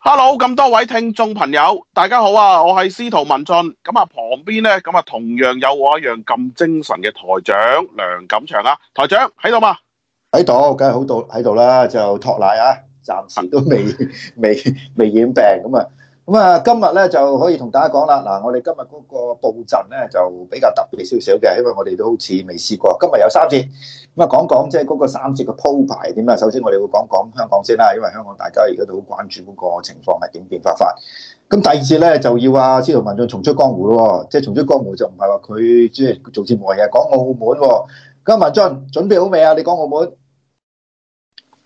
hello，咁多位聽眾朋友，大家好啊！我係司徒文進，咁啊旁邊咧，咁啊同樣有我一樣咁精神嘅台長梁錦祥啊。台長喺度嘛？喺度，梗係好到喺度啦，就托奶啊，暫時都未 未未，未染病，咁啊。咁啊，今日咧就可以同大家講啦。嗱，我哋今日嗰個佈陣咧就比較特別少少嘅，因為我哋都好似未試過。今日有三節，咁啊講講即係嗰個三節嘅鋪排點啊。首先我哋會講講香港先啦，因為香港大家而家都好關注嗰個情況係點變化法。咁第二節咧就要啊，司徒文進重出江湖咯。即係重出江湖就唔係話佢即係做節目，嘅，係講澳門。咁文進準備好未啊？你講澳門。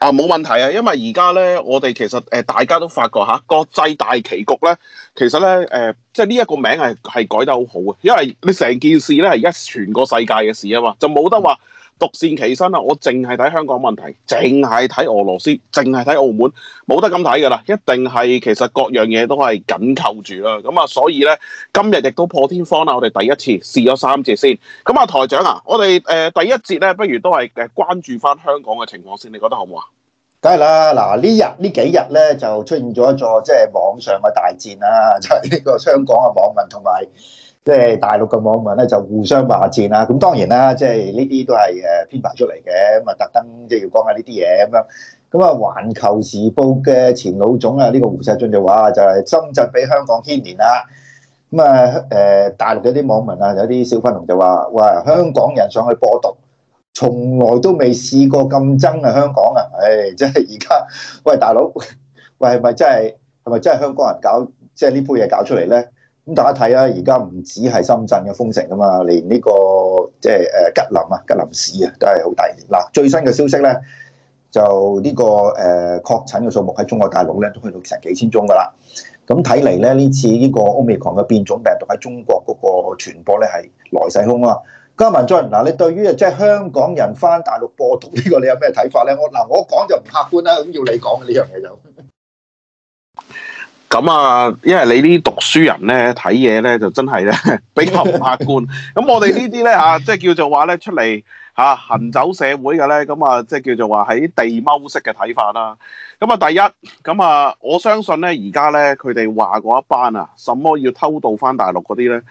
啊，冇問題啊，因為而家咧，我哋其實誒、呃，大家都發覺嚇，國際大棋局咧，其實咧誒、呃，即係呢一個名係係改得好好啊，因為你成件事咧係而家全個世界嘅事啊嘛，就冇得話獨善其身啊，我淨係睇香港問題，淨係睇俄羅斯，淨係睇澳門，冇得咁睇㗎啦！一定係其實各樣嘢都係緊扣住啦。咁啊，所以咧今日亦都破天荒啦，我哋第一次試咗三節先。咁啊，台長啊，我哋誒、呃、第一節咧，不如都係誒關注翻香港嘅情況先，你覺得好唔好啊？梗係啦！嗱，呢日呢幾日咧就出現咗一座即係、就是、網上嘅大戰啦，就係、是、呢個香港嘅網民同埋，即係大陸嘅網民咧，就互相罵戰啦。咁當然啦，即係呢啲都係誒編排出嚟嘅。咁啊，特登即係要講下呢啲嘢咁樣。咁啊，《環球時報》嘅前老總啊，呢、這個胡錫進就話就係深圳俾香港牽連啦。咁、嗯、啊，誒、呃，大陸嘅啲網民啊，有啲小粉紅就話：喂，香港人上去播毒，從來都未試過咁憎啊，香港啊，唉、哎，真係而家喂，大佬，喂係咪真係係咪真係香港人搞，即係呢杯嘢搞出嚟咧？咁大家睇啊，而家唔止係深圳嘅封城啊嘛，連呢個即係誒吉林啊、吉林市啊，都係好大。嗱，最新嘅消息咧，就呢個誒確診嘅數目喺中國大陸咧都去到成幾千宗噶啦。咁睇嚟咧，呢次呢個奧密克戎嘅變種病毒喺中國嗰個傳播咧係來勢兇啊！嘉文將，嗱，你對於即係香港人返大陸播毒呢個，你有咩睇法咧？我嗱，我講就唔客觀啦，咁要你講嘅呢樣嘢就。咁啊，因為你呢啲讀書人咧睇嘢咧就真係咧 比較唔客觀，咁 我哋呢啲咧嚇即係叫做話咧出嚟嚇行走社會嘅咧，咁啊即係叫做話喺地踎式嘅睇法啦。咁啊第一，咁啊我相信咧而家咧佢哋話嗰一班啊，什麼要偷渡翻大陸嗰啲咧？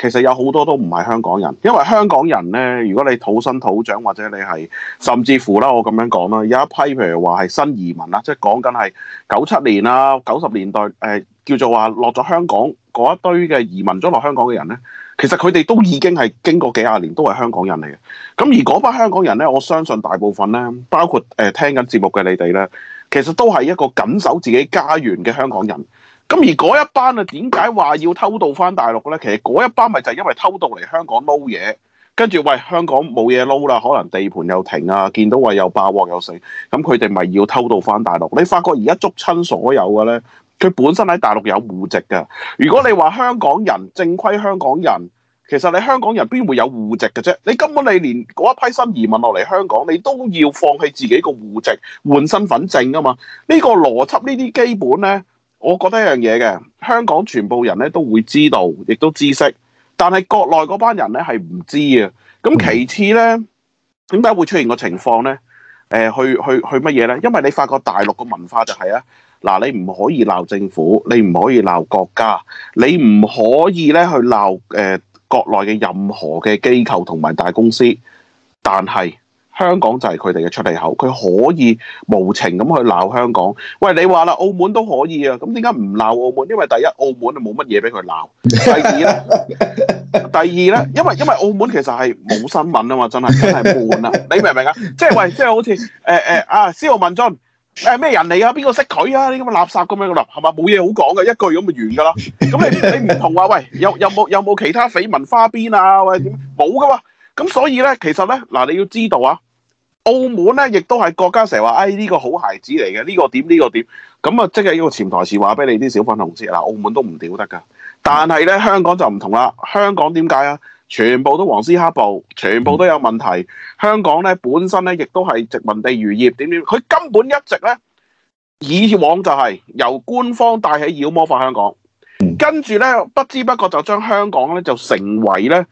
其實有好多都唔係香港人，因為香港人呢，如果你土生土長，或者你係甚至乎啦，我咁樣講啦，有一批譬如話係新移民啦，即係講緊係九七年啦、九十年代誒、呃、叫做話落咗香港嗰一堆嘅移民咗落香港嘅人呢，其實佢哋都已經係經過幾廿年都係香港人嚟嘅。咁而嗰班香港人呢，我相信大部分呢，包括誒、呃、聽緊節目嘅你哋呢，其實都係一個緊守自己家園嘅香港人。咁而嗰一班啊，點解話要偷渡翻大陸呢？其實嗰一班咪就係因為偷渡嚟香港撈嘢，跟住喂香港冇嘢撈啦，可能地盤又停啊，見到話又霸鑊又死，咁佢哋咪要偷渡翻大陸。你發覺而家捉親所有嘅呢，佢本身喺大陸有戶籍嘅。如果你話香港人正規香港人，其實你香港人邊會有戶籍嘅啫？你根本你連嗰一批新移民落嚟香港，你都要放棄自己個戶籍換身份證㗎嘛。呢、這個邏輯呢啲基本呢。我覺得一樣嘢嘅，香港全部人咧都會知道，亦都知識。但係國內嗰班人咧係唔知嘅。咁其次咧，點解會出現個情況咧？誒、呃，去去去乜嘢咧？因為你發覺大陸嘅文化就係、是、啊，嗱，你唔可以鬧政府，你唔可以鬧國家，你唔可以咧去鬧誒、呃、國內嘅任何嘅機構同埋大公司，但係。香港就係佢哋嘅出氣口，佢可以無情咁去鬧香港。喂，你話啦，澳門都可以啊，咁點解唔鬧澳門？因為第一，澳門啊冇乜嘢俾佢鬧；第二咧，第二咧，因為因為澳門其實係冇新聞啊嘛，真係真係悶啊！你明唔明啊？即係喂，即係好似誒誒啊，司徒文進誒咩人嚟啊？邊個識佢啊？啲咁垃圾咁樣噶啦，係咪？冇嘢好講嘅，一句咁咪完㗎啦。咁你你唔同話喂，有有冇有冇其他緋聞花邊啊？喂，點冇㗎喎。咁、啊、所以咧，其實咧，嗱，你要知道啊。澳門咧，亦都係國家成日話，哎呢個好孩子嚟嘅，呢個點呢個點，咁啊，即係呢個潛台詞話俾你啲小粉紅知，嗱，澳門都唔屌得噶，但係咧，香港就唔同啦。香港點解啊？全部都黃絲黑暴，全部都有問題。香港咧本身咧，亦都係殖民地餘孽，點點，佢根本一直咧，以往就係由官方帶起妖魔化香港，跟住咧不知不覺就將香港咧就成為咧。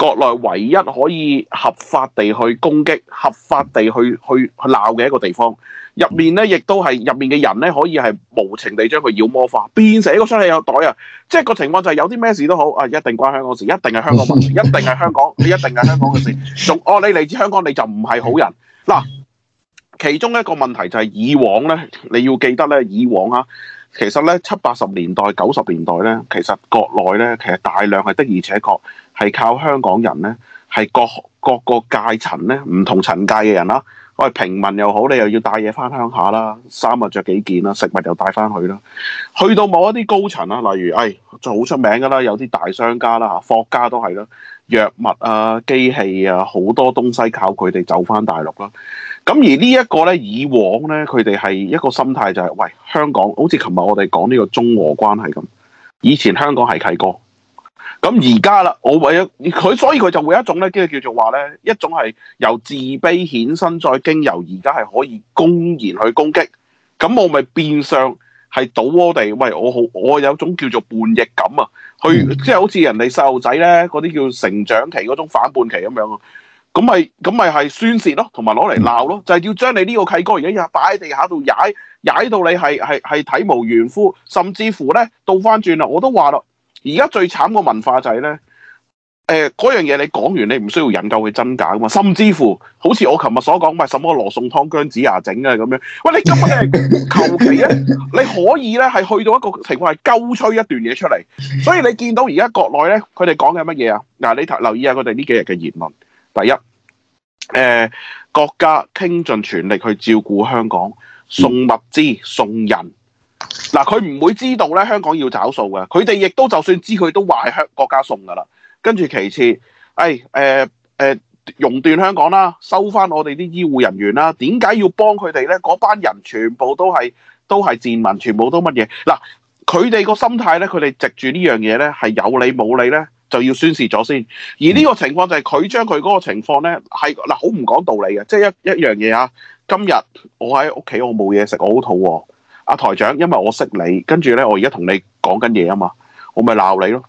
國內唯一可以合法地去攻擊、合法地去去鬧嘅一個地方，入面咧亦都係入面嘅人咧可以係無情地將佢妖魔化，變成一個出氣有袋啊！即係個情況就係有啲咩事都好，啊一定關香港事，一定係香港問題，一定係香港，你一定係香港嘅事。仲哦，你嚟自香港你就唔係好人嗱。其中一個問題就係以往咧，你要記得咧，以往啊。其實咧，七八十年代、九十年代咧，其實國內咧，其實大量係的而且確係靠香港人咧，係各各個階層咧，唔同層界嘅人啦。我係平民又好，你又要帶嘢翻鄉下啦，衫啊着幾件啦，食物又帶翻去啦。去到某一啲高層啊，例如誒、哎、就好出名噶啦，有啲大商家啦，霍家都係啦，藥物啊、機器啊，好多東西靠佢哋走翻大陸啦。咁而呢一個咧，以往咧，佢哋係一個心態就係、是，喂，香港好似琴日我哋講呢個中俄關係咁，以前香港係契哥，咁而家啦，我為咗佢，所以佢就會一種咧，即係叫做話咧，一種係由自卑衍生，再經由而家係可以公然去攻擊，咁我咪變相係倒鍋地，喂，我好，我有種叫做叛逆感啊，去即係、就是、好似人哋細路仔咧，嗰啲叫成長期嗰種反叛期咁樣。咁咪咁咪係宣泄咯，同埋攞嚟鬧咯，就係要將你呢個契哥而家日擺喺地下度踩，踩到你係係係體無完膚，甚至乎咧倒翻轉啦，我都話啦，而家最慘嘅文化就係咧，誒嗰樣嘢你講完你唔需要引究佢真假噶嘛，甚至乎好似我琴日所講咪什麼羅宋湯姜子牙整啊咁樣，喂你今日求其咧你可以咧係去到一個情況係鳩吹一段嘢出嚟，所以你見到而家國內咧佢哋講嘅乜嘢啊嗱，你留意下佢哋呢幾日嘅言論。第一，誒、呃，國家傾盡全力去照顧香港，送物資、嗯、送人。嗱，佢唔會知道咧，香港要找數嘅。佢哋亦都就算知，佢都話係香國家送噶啦。跟住其次，誒、哎，誒、呃，誒、呃，熔斷香港啦，收返我哋啲醫護人員啦。點解要幫佢哋咧？嗰班人全部都係都係賤民，全部都乜嘢？嗱，佢哋個心態咧，佢哋藉住呢樣嘢咧，係有理冇理咧？就要宣示咗先，而呢個情況就係佢將佢嗰個情況咧，係嗱，好唔講道理嘅，即係一一樣嘢啊！今日我喺屋企，我冇嘢食，我好肚餓。阿台長，因為我識你，呢跟住咧我而家同你講緊嘢啊嘛，我咪鬧你咯。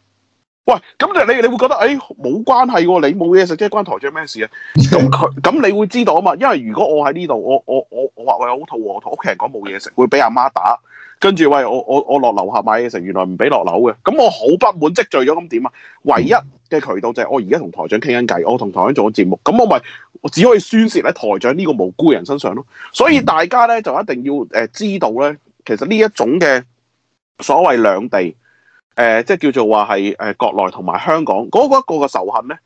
喂，咁你你會覺得誒冇關係喎？你冇嘢食，即係關台長咩事啊？咁佢咁你會知道啊嘛？因為如果我喺呢度，我我我我話我好肚餓，同屋企人講冇嘢食，會俾阿媽打。跟住喂，我我我落樓下買嘢食，原來唔俾落樓嘅，咁我好不滿積聚咗，咁點啊？唯一嘅渠道就係、是、我而家同台長傾緊偈，我同台長做咗節目，咁我咪只可以宣泄喺台長呢個無辜人身上咯。所以大家咧就一定要誒、呃、知道咧，其實呢一種嘅所謂兩地誒、呃，即係叫做話係誒國內同埋香港嗰、那個、那個嘅仇恨咧，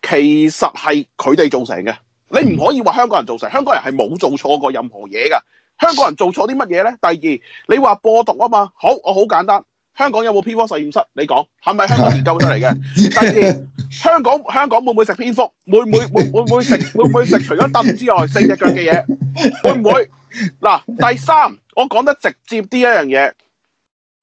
其實係佢哋造成嘅。你唔可以話香港人造成，香港人係冇做錯過任何嘢噶。香港人做錯啲乜嘢咧？第二，你話播毒啊嘛？好，我好簡單。香港有冇 P4 實驗室？你講係咪香港研究出嚟嘅？ 第二，香港香港會唔會食蝙蝠？會唔會會會唔會食？會唔會食除咗凳之外四隻腳嘅嘢？會唔會？嗱，第三，我講得直接啲一樣嘢。誒、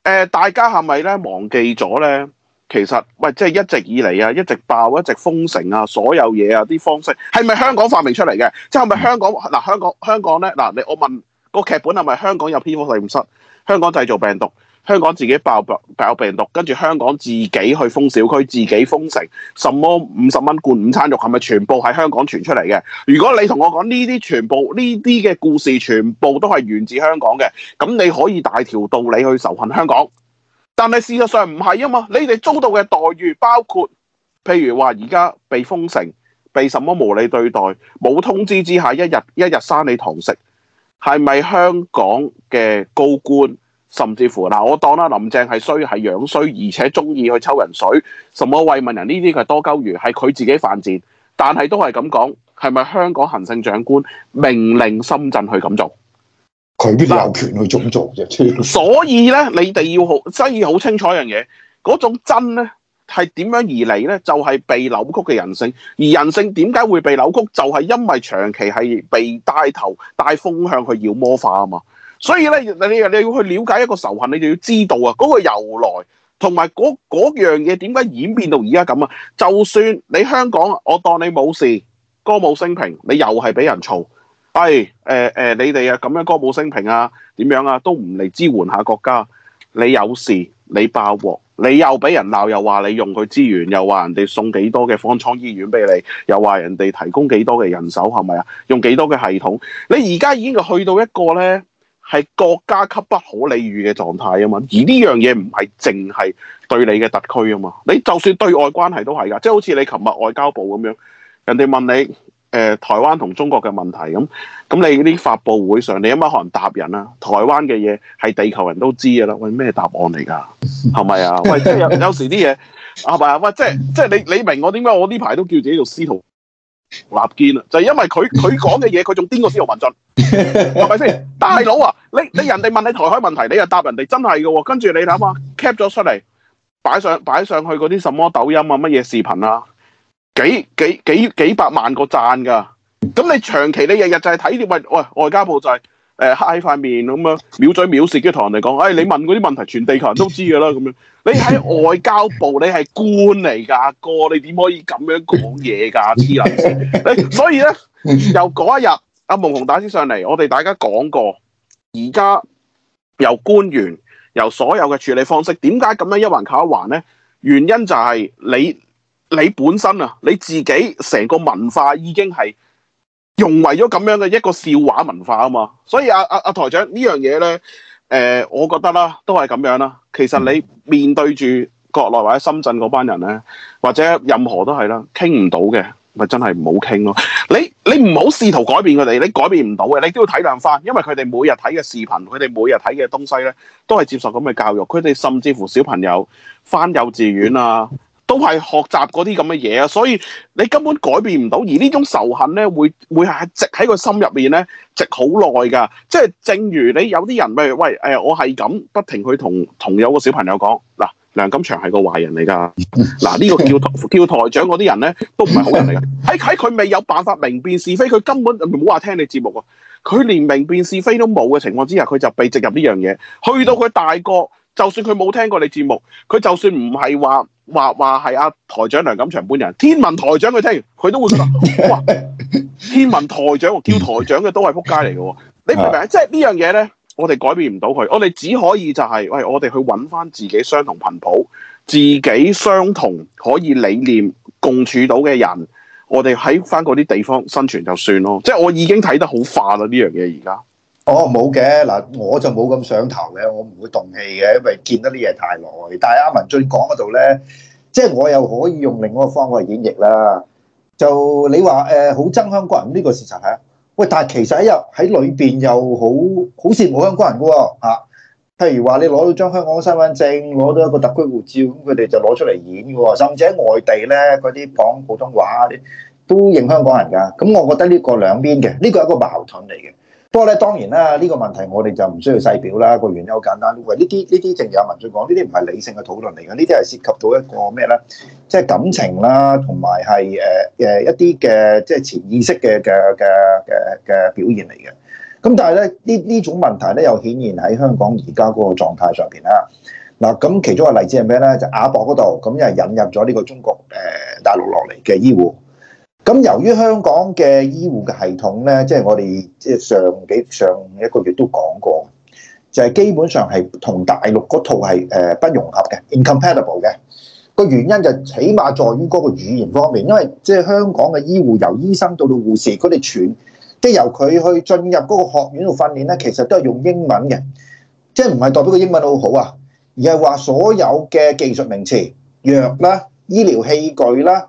呃，大家係咪咧忘記咗咧？其實喂，即係一直以嚟啊，一直爆，一直封城啊，所有嘢啊，啲方式係咪香港發明出嚟嘅？即係咪香港嗱？香港香港咧嗱，你我問。個劇本係咪香港有蝙蝠實驗室？香港製造病毒，香港自己爆爆病毒，跟住香港自己去封小區、自己封城，什麼五十蚊罐午餐肉，係咪全部喺香港傳出嚟嘅？如果你同我講呢啲全部呢啲嘅故事，全部都係源自香港嘅，咁你可以大條道理去仇恨香港。但係事實上唔係啊嘛，你哋遭到嘅待遇包括，譬如話而家被封城、被什麼無理對待、冇通知之下一日一日生你堂食。係咪香港嘅高官，甚至乎嗱，我當啦林鄭係衰，係樣衰，而且中意去抽人水，什麼慰問人呢啲佢係多鳩餘，係佢自己犯賤。但係都係咁講，係咪香港行政長官命令深圳去咁做？佢邊有權去咁做啫？所以咧，你哋要好，所以好清楚一樣嘢，嗰種真咧。係點樣而嚟呢？就係、是、被扭曲嘅人性，而人性點解會被扭曲？就係、是、因為長期係被帶頭帶風向去妖魔化啊嘛。所以咧，你你要去了解一個仇恨，你就要知道啊嗰、那個由來，同埋嗰樣嘢點解演變到而家咁啊？就算你香港，我當你冇事，歌舞升平，你又係俾人嘈，係誒誒你哋啊咁樣歌舞升平啊點樣啊都唔嚟支援下國家，你有事你爆鑊。你又俾人鬧，又話你用佢資源，又話人哋送幾多嘅方艙醫院俾你，又話人哋提供幾多嘅人手，係咪啊？用幾多嘅系統？你而家已經去到一個咧，係國家級不可理喻嘅狀態啊嘛！而呢樣嘢唔係淨係對你嘅特區啊嘛，你就算對外關係都係噶，即係好似你琴日外交部咁樣，人哋問你。誒、呃，台灣同中國嘅問題咁咁、嗯嗯，你啲發布會上你有乜可能答人啦、啊，台灣嘅嘢係地球人都知嘅啦，喂咩答案嚟噶？係咪啊？喂，即係有有時啲嘢係咪啊？喂，即係即係你你明我點解我呢排都叫自己做司徒立堅啦、啊？就係、是、因為佢佢講嘅嘢佢仲癲過司徒文進，係咪先？ 大佬啊，你你人哋問你台海問題，你又答人哋、啊，真係噶喎！跟住你諗下，cap 咗出嚟擺上擺上去嗰啲什麼抖音啊乜嘢視頻啊？幾幾幾幾百萬個讚噶，咁你長期你日日就係睇啲喂喂外交部就係、是、誒、呃、黑喺塊面咁樣藐嘴藐舌，跟住同人哋講，哎你問嗰啲問題，全地球人都知噶啦，咁樣你喺外交部，你係官嚟噶，哥，你點可以咁樣講嘢噶？ 天啊！所以咧，由嗰一日阿毛雄打先上嚟，我哋大家講過，而家由官員由所有嘅處理方式，點解咁樣一環靠一環咧？原因就係你。你本身啊，你自己成個文化已經係融為咗咁樣嘅一個笑話文化啊嘛，所以啊，啊，阿台長呢樣嘢咧，誒、呃，我覺得啦，都係咁樣啦。其實你面對住國內或者深圳嗰班人咧，或者任何都係啦，傾唔到嘅，咪真係唔好傾咯。你你唔好試圖改變佢哋，你改變唔到嘅，你都要體諒翻，因為佢哋每日睇嘅視頻，佢哋每日睇嘅東西咧，都係接受咁嘅教育。佢哋甚至乎小朋友翻幼稚園啊。都係學習嗰啲咁嘅嘢啊，所以你根本改變唔到，而呢種仇恨咧，會會係積喺個心入面咧，積好耐㗎。即係正如你有啲人咪喂誒、呃，我係咁不停去同同有個小朋友講嗱，梁錦祥係個壞人嚟㗎。嗱呢、這個叫叫台長嗰啲人咧，都唔係好人嚟㗎。喺喺佢未有辦法明辨是非，佢根本唔好話聽你節目啊。佢連明辨是非都冇嘅情況之下，佢就被植入呢樣嘢。去到佢大個，就算佢冇聽過你節目，佢就算唔係話。話話係阿台長梁錦祥本人，天文台長佢聽，佢都會諗， 哇！天文台長我叫台長嘅都係撲街嚟嘅，你明唔明啊？ 即係呢樣嘢咧，我哋改變唔到佢，我哋只可以就係、是，喂，我哋去搵翻自己相同頻譜、自己相同可以理念共處到嘅人，我哋喺翻嗰啲地方生存就算咯。即係我已經睇得好化啦呢樣嘢而家。哦，冇嘅嗱，我就冇咁上頭嘅，我唔會動氣嘅，因為見得啲嘢太耐。但係阿文俊講嗰度咧，即係我又可以用另一個方法演繹啦。就你話誒，好、呃、憎香港人呢、這個事實係啊？喂，但係其實喺入喺裏邊又好好羨慕香港人噶吓。譬、啊、如話你攞到張香港身份證，攞到一個特區護照，咁佢哋就攞出嚟演噶。甚至喺外地咧，嗰啲講普通話啲都認香港人噶。咁我覺得呢個兩邊嘅，呢、這個係一個矛盾嚟嘅。不過咧，當然啦，呢個問題我哋就唔需要細表啦。個原因好簡單，喂，呢啲呢啲淨有民進黨呢啲唔係理性嘅討論嚟嘅，呢啲係涉及到一個咩咧？即係感情啦，同埋係誒誒一啲嘅即係潛意識嘅嘅嘅嘅嘅表現嚟嘅。咁但係咧，呢呢種問題咧，又顯現喺香港而家嗰個狀態上邊啦。嗱，咁其中嘅例子係咩咧？就亞博嗰度，咁又係引入咗呢個中國誒大陸落嚟嘅醫護。咁由於香港嘅醫護嘅系統咧，即係我哋即係上幾上一個月都講過，就係基本上係同大陸嗰套係誒不融合嘅，incompatible 嘅。個原因就起碼在於嗰個語言方面，因為即係香港嘅醫護由醫生到到護士，佢哋全即係由佢去進入嗰個學院度訓練咧，其實都係用英文嘅，即係唔係代表個英文好好啊，而係話所有嘅技術名詞、藥啦、醫療器具啦。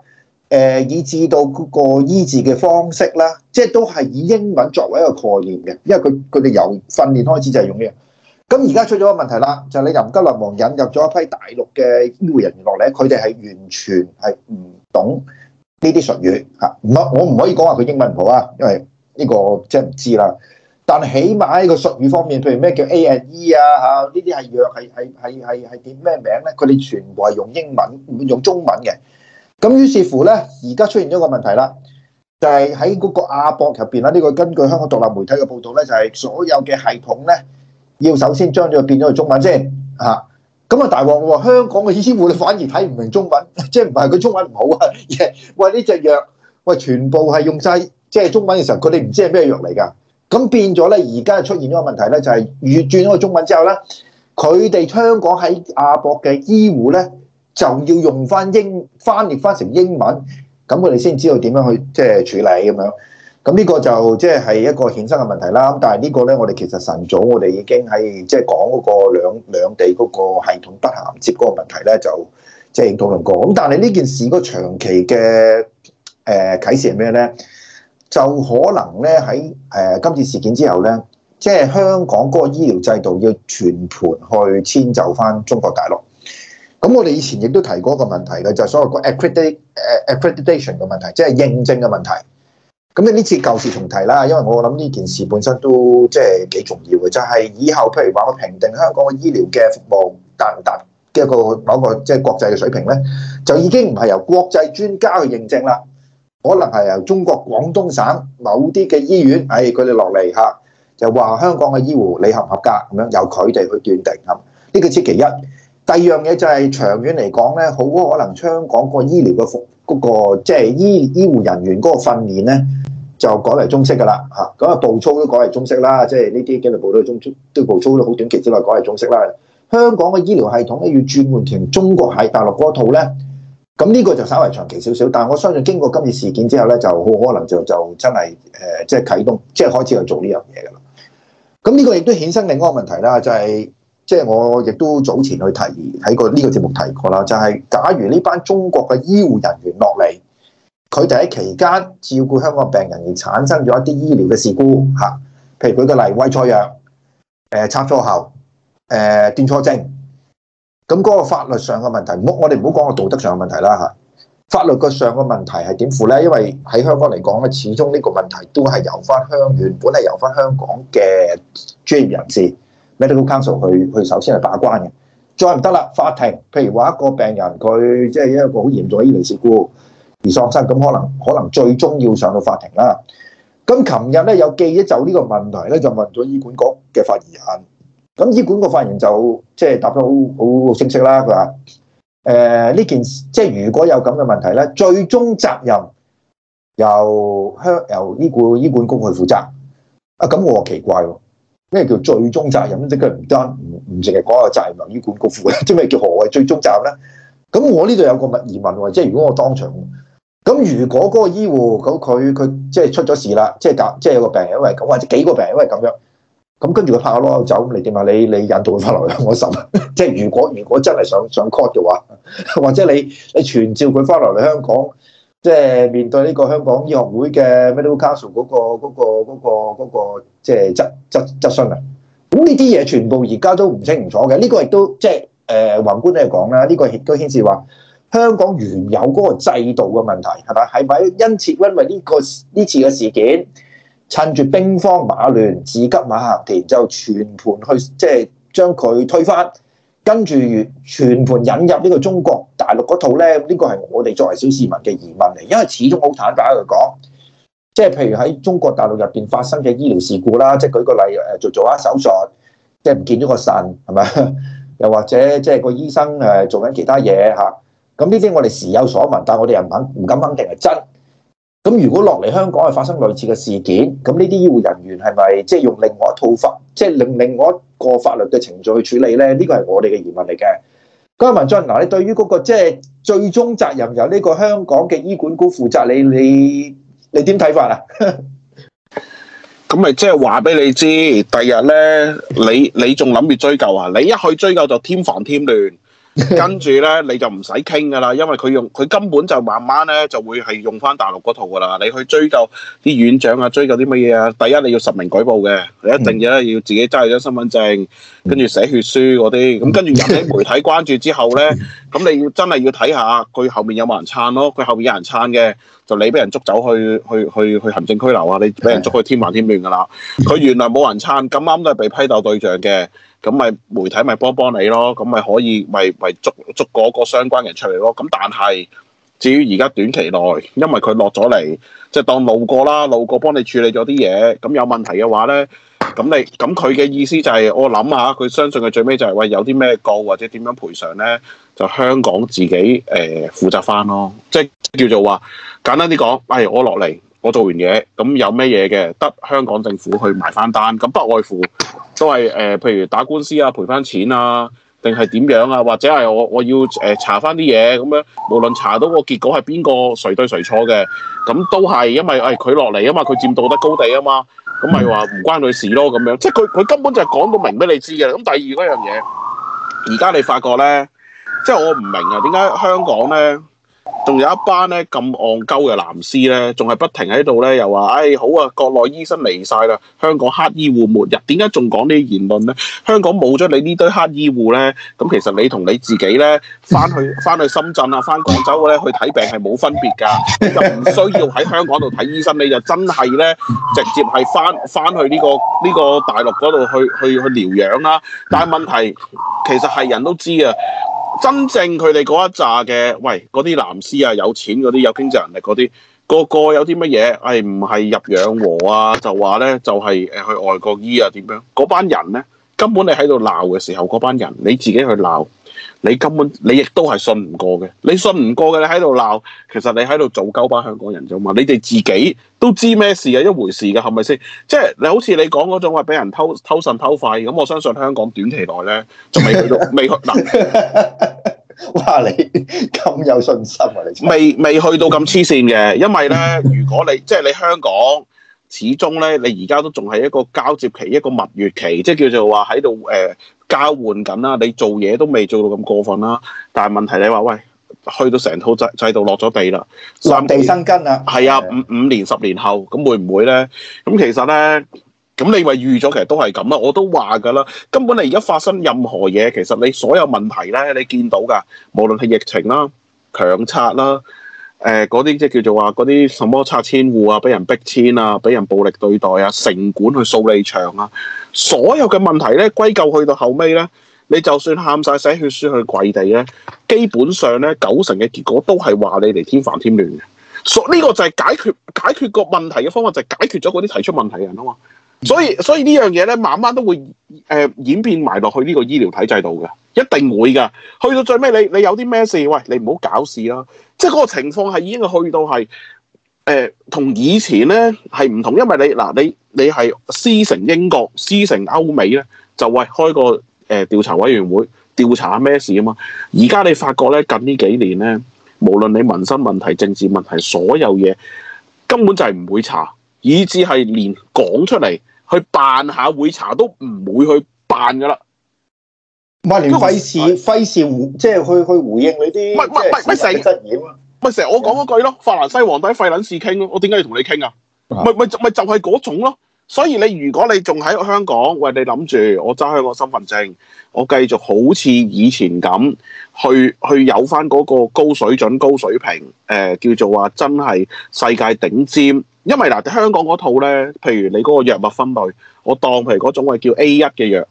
誒以致到嗰個醫治嘅方式啦，即係都係以英文作為一個概念嘅，因為佢佢哋由訓練開始就係用呢樣。咁而家出咗個問題啦，就係、是、你臨急臨忙引入咗一批大陸嘅醫護人員落嚟，佢哋係完全係唔懂呢啲術語嚇。唔，我唔可以講話佢英文唔好啊，因為呢個即係唔知啦。但起碼喺個術語方面，譬如咩叫 A and E 啊嚇，叫呢啲係藥係係係係係叫咩名咧？佢哋全部係用英文，唔用中文嘅。咁於是乎咧，而家出現咗個問題啦，就係喺嗰個亞博入邊啦。呢個根據香港獨立媒體嘅報道咧，就係所有嘅系統咧，要首先將咗變咗為中文先吓。咁啊，大鑊啦，香港嘅醫護人員反而睇唔明中文，即係唔係佢中文唔好啊？ 喂，呢隻藥喂，全部係用晒即係中文嘅時候，佢哋唔知係咩藥嚟噶。咁變咗咧，而家出現咗個問題咧，就係越轉咗個中文之後咧，佢哋香港喺亞博嘅醫護咧。就要用翻英翻譯翻譯成英文，咁佢哋先知道點樣去即係、就是、處理咁樣。咁呢個就即係係一個衍生嘅問題啦。但係呢個呢，我哋其實晨早我哋已經喺即係講嗰個兩，兩地嗰個系統不銜接嗰個問題呢，就即係討論過。咁、就是、但係呢件事嗰長期嘅誒、呃、啟示係咩呢？就可能呢，喺誒、呃、今次事件之後呢，即、就、係、是、香港嗰個醫療制度要全盤去遷就翻中國大陸。咁我哋以前亦都提過一個問題嘅，就係所謂個 accredit 誒 accreditation 嘅問題，即係認證嘅問題。咁你呢次舊事重提啦，因為我諗呢件事本身都即係幾重要嘅，就係以後譬如話我評定香港嘅醫療嘅服務達唔達一個某個即係國際嘅水平咧，就已經唔係由國際專家去認證啦，可能係由中國廣東省某啲嘅醫院，誒佢哋落嚟嚇，就話香港嘅醫護你合唔合格咁樣，由佢哋去斷定咁。呢個先其其一。第二樣嘢就係長遠嚟講咧，好可能香港個醫療嘅服嗰、嗰個即係、即係、醫醫護人員嗰個訓練咧，就改為中式噶啦嚇。咁啊步操都改為中式啦，即係呢啲紀律部都係中中，步操都好短期之內改為中式啦。香港嘅醫療系統咧要轉換成中國喺大陸嗰套咧，咁呢個就稍為長期少少。但係我相信經過今次事件之後咧，就好可能就就真係誒即係啟動，即、就、係、是、開始去做呢樣嘢噶啦。咁呢個亦都衍生另一個問題啦，就係、是。即係我亦都早前去提，喺個呢個節目提過啦。就係、是、假如呢班中國嘅醫護人員落嚟，佢哋喺期間照顧香港病人而產生咗一啲醫療嘅事故吓。譬如舉個例，餵錯藥，誒插錯喉，誒、呃、斷錯症。咁嗰個法律上嘅問題，唔好我哋唔好講個道德上嘅問題啦吓。法律個上嘅問題係點乎咧？因為喺香港嚟講咧，始終呢個問題都係由翻香、香港，本係由翻香港嘅專業人士 medical council 去去首先係把關嘅，再唔得啦，法庭。譬如話一個病人佢即係一個好嚴重嘅醫療事故而喪生，咁可能可能最終要上到法庭啦。咁琴日咧有記者就呢個問題咧，就問咗醫管局嘅發言人。咁醫管局發言人就即係、就是、答得好好清晰啦。佢話：誒、呃、呢件即係、就是、如果有咁嘅問題咧，最終責任由香由醫管醫管局去負責。啊咁，我話奇怪喎。咩叫最終責任？即佢唔得，唔唔淨係講個責任，醫管局負嘅，即咩叫何謂最終責任咧？咁我呢度有個問疑問，即如果我當場咁，如果嗰個醫護咁佢佢即係出咗事啦，即係隔即係有個病，因為咁或者幾個病，因為咁樣，咁跟住佢拍下囉柚走，你點話？你你引佢翻嚟我心， 即如果如果真係想上,上 call 嘅話，或者你你傳召佢翻嚟嚟香港？即係面對呢個香港醫學會嘅 Medical Council 嗰個嗰、嗰個嗰、嗰個嗰個嗰個、即係質質，質質質詢啊，咁呢啲嘢全部而家都唔清唔楚嘅。呢、呢個亦都即係誒宏觀都係講啦，呢、呃呢個亦都顯示話香港原有嗰個制度嘅問題係咪係咪？是是因此因為呢、呢個呢次嘅事件，趁住兵荒馬亂、自急馬行田，就全盤去即係將佢推翻。跟住全盤引入呢個中國大陸嗰套咧，呢個係我哋作為小市民嘅疑問嚟。因為始終好坦白嚟講，即係譬如喺中國大陸入邊發生嘅醫療事故啦，即係舉個例誒，做做下手術，即係唔見咗個腎，係咪？又或者即係個醫生誒做緊其他嘢嚇，咁呢啲我哋時有所聞，但係我哋又唔肯唔敢肯定係真。咁如果落嚟香港係發生類似嘅事件，咁呢啲醫護人員係咪即係用另外一套法，即係令令我過法律嘅程序去處理咧，呢、這個係我哋嘅疑問嚟嘅。位文進嗱，你對於嗰、那個即係、就是、最終責任由呢個香港嘅醫管局負責，你你你點睇法啊？咁咪即係話俾你知，第日咧，你你仲諗住追究啊？你一去追究就添煩添亂。跟住咧，你就唔使傾噶啦，因為佢用佢根本就慢慢咧就會係用翻大陸嗰套噶啦。你去追究啲院長啊，追究啲乜嘢啊？第一，你要實名舉報嘅，你一定要咧，要自己揸住張身份證，跟住寫血書嗰啲。咁跟住引起媒體關注之後咧。 咁你真要真係要睇下佢後面有冇人撐咯，佢後面有人撐嘅，就你俾人捉走去去去去行政拘留啊，你俾人捉去添煩添亂㗎喇。佢 原來冇人撐，咁啱都係被批鬥對象嘅，咁咪媒體咪幫幫你咯，咁咪可以咪咪捉捉嗰個相關人出嚟咯。咁但係至於而家短期內，因為佢落咗嚟，即係當路過啦，路過幫你處理咗啲嘢，咁有問題嘅話咧。咁你咁佢嘅意思就係、是、我諗下，佢相信佢最尾就係、是、話有啲咩告或者點樣賠償呢？就香港自己誒、呃、負責翻咯，即係叫做話簡單啲講，係、哎、我落嚟我做完嘢，咁有咩嘢嘅得香港政府去埋翻單，咁不外乎都係誒、呃，譬如打官司啊，賠翻錢啊，定係點樣啊，或者係我我要誒、呃、查翻啲嘢咁樣，無論查到個結果係邊個誰對誰錯嘅，咁都係因為誒佢落嚟啊嘛，佢佔道德高地啊嘛。咁咪話唔關佢事咯，咁樣即係佢佢根本就係講到明俾你知嘅。咁第二嗰樣嘢，而家你發覺咧，即係我唔明啊，點解香港咧？仲有一班咧，咁戇鳩嘅男士咧，仲係不停喺度咧，又話，唉、哎，好啊，國內醫生嚟晒啦，香港黑醫護末日，點解仲講呢啲言論呢？香港冇咗你呢堆黑醫護咧，咁其實你同你自己咧，翻去翻去深圳啊，翻廣州咧去睇病係冇分別噶，你就唔需要喺香港度睇醫生，你就真係咧直接係翻翻去呢個呢個大陸嗰度去去去療養啦。但係問題其實係人都知啊。真正佢哋嗰一紮嘅，喂，嗰啲藍絲啊，有錢嗰啲，有經濟能力嗰啲，個個有啲乜嘢？係唔係入養和啊？就話咧，就係、是、誒去外國醫啊？點樣？嗰班人咧，根本你喺度鬧嘅時候，嗰班人你自己去鬧。你根本你亦都係信唔過嘅，你信唔過嘅，你喺度鬧，其實你喺度做鳩班香港人啫嘛，你哋自己都知咩事係一回事嘅，係咪先？即係你好似你講嗰種話俾人偷偷信偷費，咁我相信香港短期內咧仲未去到未去嗱，哇你咁有信心啊你？未未去到咁黐線嘅，因為咧，如果你即係你香港始終咧，你而家都仲係一個交接期，一個蜜月期，即係叫做話喺度誒。交換緊啦，你做嘢都未做到咁過分啦，但係問題你話喂，去到成套制制度了了落咗地啦，落地生根啦，係啊，五五年十年後咁會唔會呢？咁、嗯、其實呢，咁你咪預咗，其實都係咁啦，我都話噶啦，根本你而家發生任何嘢，其實你所有問題呢，你見到噶，無論係疫情啦、強拆啦。誒嗰啲即係叫做話嗰啲什麼拆遷戶啊，俾人逼遷啊，俾人暴力對待啊，城管去掃理場啊，所有嘅問題咧，歸咎去到後尾咧，你就算喊晒寫血書去跪地咧，基本上咧九成嘅結果都係話你嚟添煩添亂嘅。所以呢個就係解決解決個問題嘅方法，就係、是、解決咗嗰啲提出問題人啊嘛。所以所以呢樣嘢咧，慢慢都會誒、呃、演變埋落去呢個醫療體制度嘅，一定會噶。去到最尾，你你有啲咩事，喂，你唔好搞事啦。即係嗰個情況係已經去到係誒、呃、同以前咧係唔同，因為你嗱你你係師承英國、師承歐美咧，就喂開個誒調、呃、查委員會調查咩事啊嘛。而家你發覺咧，近呢幾年咧，無論你民生問題、政治問題，所有嘢根本就係唔會查。以至係連講出嚟去辦下會查都唔會去辦噶啦，唔係連費事費、啊、事即係去去回應你啲，唔係唔係唔係成啊。咪，成日我講嗰句咯，嗯、法蘭西皇帝費撚事傾咯，我點解要同你傾啊？咪咪唔就係、是、嗰、就是、種咯。所以你如果你仲喺香港，喂，你諗住我揸開個身份證，我繼續好似以前咁去去，去有翻嗰個高水準、高水平，誒、呃、叫做話真係世界頂尖。因為嗱，香港嗰套咧，譬如你嗰個藥物分類，我當譬如嗰種係叫 A 一嘅藥，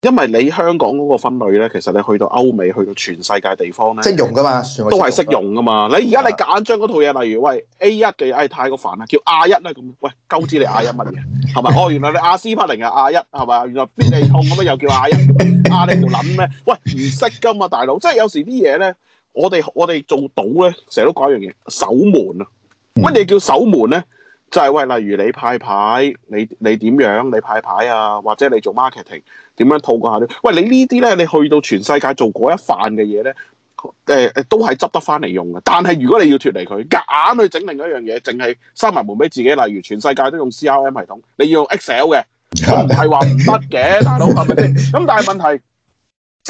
因為你香港嗰個分類咧，其實你去到歐美，去到全世界地方咧，識用噶嘛，都係識用噶嘛。你而家你夾硬將嗰套嘢，例如喂 A 一嘅，唉，太過煩啦，叫 A 一啦咁。喂，鳩知你 A 一乜嘢？係咪？ 哦，原來你阿斯匹靈啊，A 一係咪原來必理痛咁啊，又叫 A 一、 啊，阿你喺度諗咩？喂，唔識噶嘛，大佬。即係有時啲嘢咧，我哋我哋做到咧，成日都講一樣嘢，守門啊。乜嘢叫守門咧？ 就係、是、喂，例如你派牌，你你點樣？你派牌啊，或者你做 marketing，點樣套過下啲？喂，你呢啲咧，你去到全世界做嗰一範嘅嘢咧，誒、呃、誒，都係執得翻嚟用嘅。但係如果你要脫離佢，夾硬，硬去整另一樣嘢，淨係閂埋門俾自己。例如全世界都用 CRM 系統，你要用 Excel 嘅，都唔係話唔得嘅，大佬係咪先？咁 但係問題。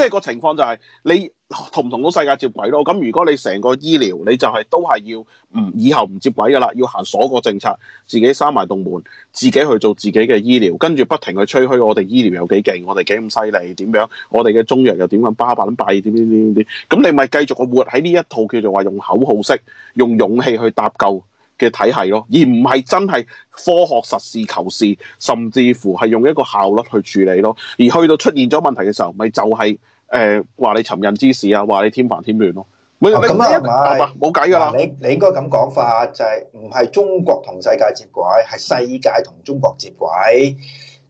即係個情況就係你同唔同到世界接軌咯？咁如果你成個醫療你就係都係要唔以後唔接軌噶啦，要行鎖個政策，自己閂埋度門，自己去做自己嘅醫療，跟住不停去吹噓我哋醫療有幾勁，我哋幾咁犀利點樣，我哋嘅中藥又點樣巴閉咁閉點點點點點，咁你咪繼續去活喺呢一套叫做話用口號式，用勇氣去搭救嘅體系咯，而唔係真係科學、實事求是，甚至乎係用一個效率去處理咯。而去到出現咗問題嘅時候，咪就係誒話你尋釁滋事啊，話你添煩添亂咯。唔係咁啊，冇計噶啦。你你應該咁講法，就係唔係中國同世界接軌，係世界同中國接軌。